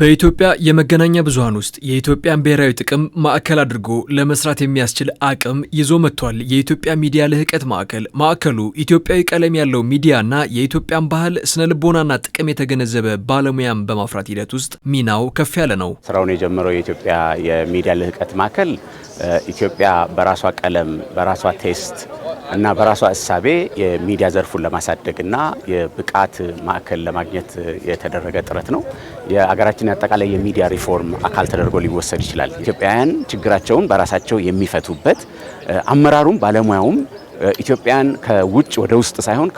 በኢትዮጵያ የመገናኛ ብዙሃን ውስጥ የኢትዮጵያን ብሔራዊ ጥቅም ማዕከል አድርጎ ለመስራት የሚያስችል አቅም ይዞ መጥቷል የኢትዮጵያ ሚዲያ ልህቀት ማዕከል። ማዕከሉ ኢትዮጵያዊ ቀለም ያለው ሚዲያና የኢትዮጵያን ባህል ስነ ልቦናና ጥቅም የተገነዘበ ባለሙያን በማፍራት ሂደት ውስጥ ሚናው ከፍ ያለ ነው። ስራውን የጀመረው የኢትዮጵያ የሚዲያ ልህቀት ማዕከል ኢትዮጵያ በራሷ ቀለም በራሷ ቴስት እና በራሷ እሳቤ የሚዲያ ዘርፉን ለማሳደግና የብቃት ማዕከል ለማግኘት የተደረገ ጥረት ነው። የአገራችን አጠቃላይ የሚዲያ ሪፎርም አካል ተደርጎ ሊወሰድ ይችላል። ኢትዮጵያውያን ችግራቸውን በራሳቸው የሚፈቱበት አመራሩም ባለሙያውም ኢትዮጵያን ከውጭ ወደ ውስጥ ሳይሆን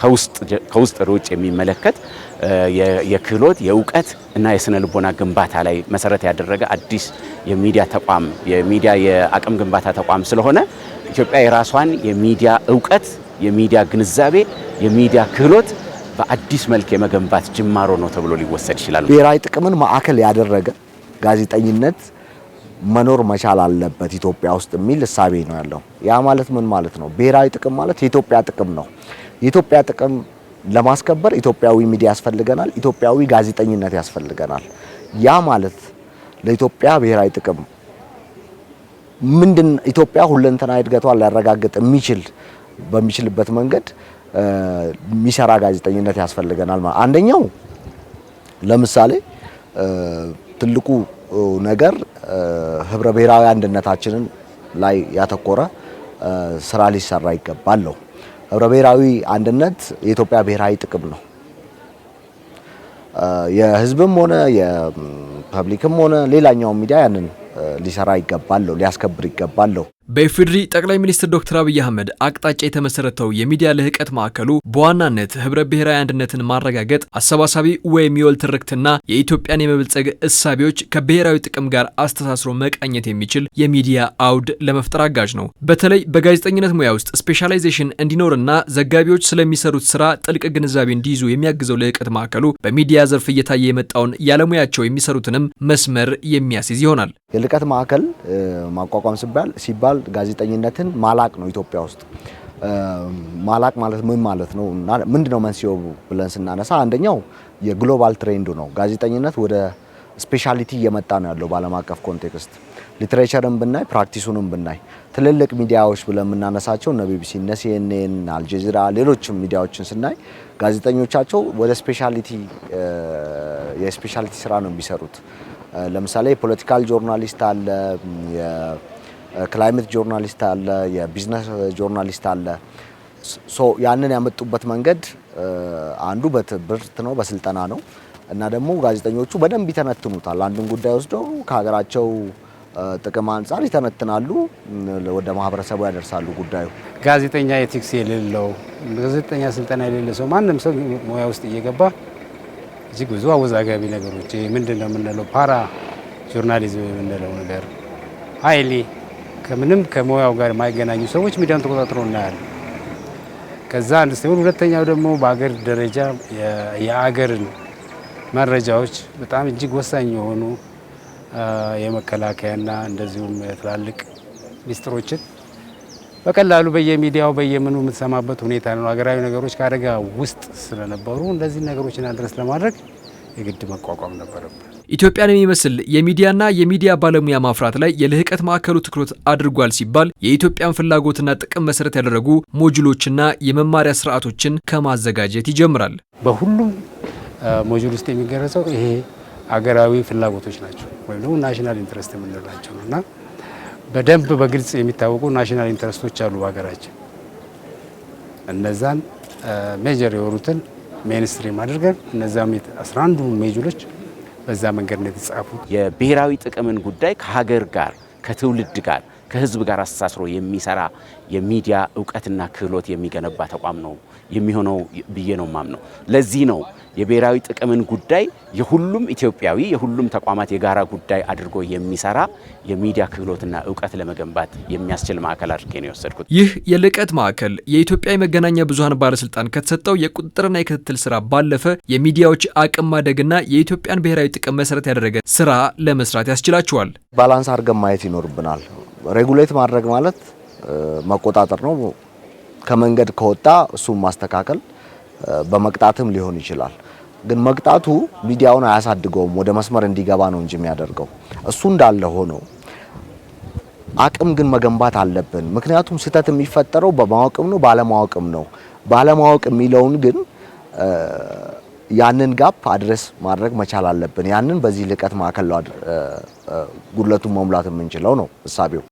ከውስጥ ወደ ውጭ የሚመለከት የክህሎት የእውቀት እና የስነ ልቦና ግንባታ ላይ መሰረት ያደረገ አዲስ የሚዲያ ተቋም የሚዲያ የአቅም ግንባታ ተቋም ስለሆነ ኢትዮጵያ የራሷን የሚዲያ እውቀት፣ የሚዲያ ግንዛቤ፣ የሚዲያ ክህሎት በአዲስ መልክ የመገንባት ጅማሮ ነው ተብሎ ሊወሰድ ይችላል። ብሔራዊ ጥቅምን ማዕከል ያደረገ ጋዜጠኝነት መኖር መቻል አለበት ኢትዮጵያ ውስጥ የሚል እሳቤ ነው ያለው። ያ ማለት ምን ማለት ነው? ብሔራዊ ጥቅም ማለት የኢትዮጵያ ጥቅም ነው። የኢትዮጵያ ጥቅም ለማስከበር ኢትዮጵያዊ ሚዲያ ያስፈልገናል፣ ኢትዮጵያዊ ጋዜጠኝነት ያስፈልገናል። ያ ማለት ለኢትዮጵያ ብሔራዊ ጥቅም ምንድን ኢትዮጵያ ሁለንተናዊ እድገቷን ሊያረጋግጥ የሚችል በሚችልበት መንገድ የሚሰራ ጋዜጠኝነት ያስፈልገናል። አንደኛው ለምሳሌ ትልቁ ነገር ህብረ ብሔራዊ አንድነታችንን ላይ ያተኮረ ስራ ሊሰራ ይገባል ነው። ህብረ ብሔራዊ አንድነት የኢትዮጵያ ብሔራዊ ጥቅም ነው። የህዝብም ሆነ የፐብሊክም ሆነ ሌላኛው ሚዲያ ያንን ሊሰራ ይገባል ነው፣ ሊያስከብር ይገባል ነው። በኢፌዴሪ ጠቅላይ ሚኒስትር ዶክተር አብይ አህመድ አቅጣጫ የተመሰረተው የሚዲያ ልህቀት ማዕከሉ በዋናነት ህብረ ብሔራዊ አንድነትን ማረጋገጥ፣ አሰባሳቢ ወይም የወል ትርክትና የኢትዮጵያን የመበልጸግ እሳቤዎች ከብሔራዊ ጥቅም ጋር አስተሳስሮ መቃኘት የሚችል የሚዲያ አውድ ለመፍጠር አጋዥ ነው። በተለይ በጋዜጠኝነት ሙያ ውስጥ ስፔሻላይዜሽን እንዲኖርና ዘጋቢዎች ስለሚሰሩት ስራ ጥልቅ ግንዛቤ እንዲይዙ የሚያግዘው ልህቀት ማዕከሉ በሚዲያ ዘርፍ እየታየ የመጣውን ያለሙያቸው የሚሰሩትንም መስመር የሚያስይዝ ይሆናል። የልህቀት ማዕከል ማቋቋም ሲባል ሲባል ጋዜጠኝነትን ማላቅ ነው ኢትዮጵያ ውስጥ ማላቅ ማለት ምን ማለት ነው እና ምንድነው መንስኤው ብለን ስናነሳ አንደኛው የግሎባል ትሬንዱ ነው። ጋዜጠኝነት ወደ ስፔሻሊቲ እየመጣ ነው ያለው በዓለም አቀፍ ኮንቴክስት። ሊትሬቸርን ብናይ ፕራክቲሱንም ብናይ ትልልቅ ሚዲያዎች ብለን የምናነሳቸው እነ ቢቢሲ፣ እነ ሲኤንኤን፣ አልጀዚራ ሌሎችም ሚዲያዎችን ስናይ ጋዜጠኞቻቸው ወደ ስፔሻሊቲ የስፔሻሊቲ ስራ ነው የሚሰሩት። ለምሳሌ የፖለቲካል ጆርናሊስት አለ ክላይሜት ጆርናሊስት አለ፣ የቢዝነስ ጆርናሊስት አለ። ሶ ያንን ያመጡበት መንገድ አንዱ በትብርት ነው፣ በስልጠና ነው እና ደግሞ ጋዜጠኞቹ በደንብ ይተነትኑታል። አንዱን ጉዳይ ወስደው ከሀገራቸው ጥቅም አንጻር ይተነትናሉ፣ ወደ ማህበረሰቡ ያደርሳሉ። ጉዳዩ ጋዜጠኛ ኤቲክስ የሌለው ጋዜጠኛ ስልጠና የሌለ ሰው ማንም ሰው ሙያ ውስጥ እየገባ እዚህ ብዙ አወዛጋቢ ነገሮች ምንድን ነው የምንለው ፓራ ጆርናሊዝም የምንለው ነገር ሀይሌ ከምንም ከሙያው ጋር የማይገናኙ ሰዎች ሚዲያን ተቆጣጥሮ እናያለን። ከዛ አንድ ሲሆን፣ ሁለተኛው ደግሞ በአገር ደረጃ የአገርን መረጃዎች በጣም እጅግ ወሳኝ የሆኑ የመከላከያና እንደዚሁም ትላልቅ ሚስጥሮችን በቀላሉ በየሚዲያው በየምኑ የምትሰማበት ሁኔታ ነው። ሀገራዊ ነገሮች ከአደጋ ውስጥ ስለነበሩ እንደዚህ ነገሮችን አድረስ ለማድረግ የግድ መቋቋም ነበረበት። ኢትዮጵያን የሚመስል የሚዲያና የሚዲያ ባለሙያ ማፍራት ላይ የልህቀት ማዕከሉ ትኩረት አድርጓል ሲባል የኢትዮጵያን ፍላጎትና ጥቅም መሰረት ያደረጉ ሞጁሎችና የመማሪያ ስርዓቶችን ከማዘጋጀት ይጀምራል። በሁሉም ሞጁል ውስጥ የሚገረጸው ይሄ አገራዊ ፍላጎቶች ናቸው ወይም ደግሞ ናሽናል ኢንትረስት የምንላቸው ነው እና በደንብ በግልጽ የሚታወቁ ናሽናል ኢንትረስቶች አሉ በሀገራችን እነዛን ሜጀር የሆኑትን ሜንስትሪም አድርገን እነዚያ 11ዱ ሜጆሮች በዛ መንገድ ነው የተጻፉት። የብሔራዊ ጥቅምን ጉዳይ ከሀገር ጋር ከትውልድ ጋር ከህዝብ ጋር አስተሳስሮ የሚሰራ የሚዲያ እውቀትና ክህሎት የሚገነባ ተቋም ነው የሚሆነው ብዬ ነው ማምነው። ለዚህ ነው የብሔራዊ ጥቅምን ጉዳይ የሁሉም ኢትዮጵያዊ የሁሉም ተቋማት የጋራ ጉዳይ አድርጎ የሚሰራ የሚዲያ ክህሎትና እውቀት ለመገንባት የሚያስችል ማዕከል አድርጌ ነው የወሰድኩት። ይህ የልቀት ማዕከል የኢትዮጵያ የመገናኛ ብዙኃን ባለስልጣን ከተሰጠው የቁጥጥርና የክትትል ስራ ባለፈ የሚዲያዎች አቅም ማደግና የኢትዮጵያን ብሔራዊ ጥቅም መሰረት ያደረገ ስራ ለመስራት ያስችላቸዋል። ባላንስ አድርገን ማየት ይኖርብናል። ሬጉሌት ማድረግ ማለት መቆጣጠር ነው። ከመንገድ ከወጣ እሱም ማስተካከል በመቅጣትም ሊሆን ይችላል። ግን መቅጣቱ ሚዲያውን አያሳድገውም፣ ወደ መስመር እንዲገባ ነው እንጂ የሚያደርገው። እሱ እንዳለ ሆኖ አቅም ግን መገንባት አለብን። ምክንያቱም ስህተት የሚፈጠረው በማወቅም ነው ባለማወቅም ነው። ባለማወቅ የሚለውን ግን ያንን ጋፕ አድረስ ማድረግ መቻል አለብን። ያንን በዚህ ልቀት ማዕከል ጉድለቱን መሙላት የምንችለው ነው እሳቤው።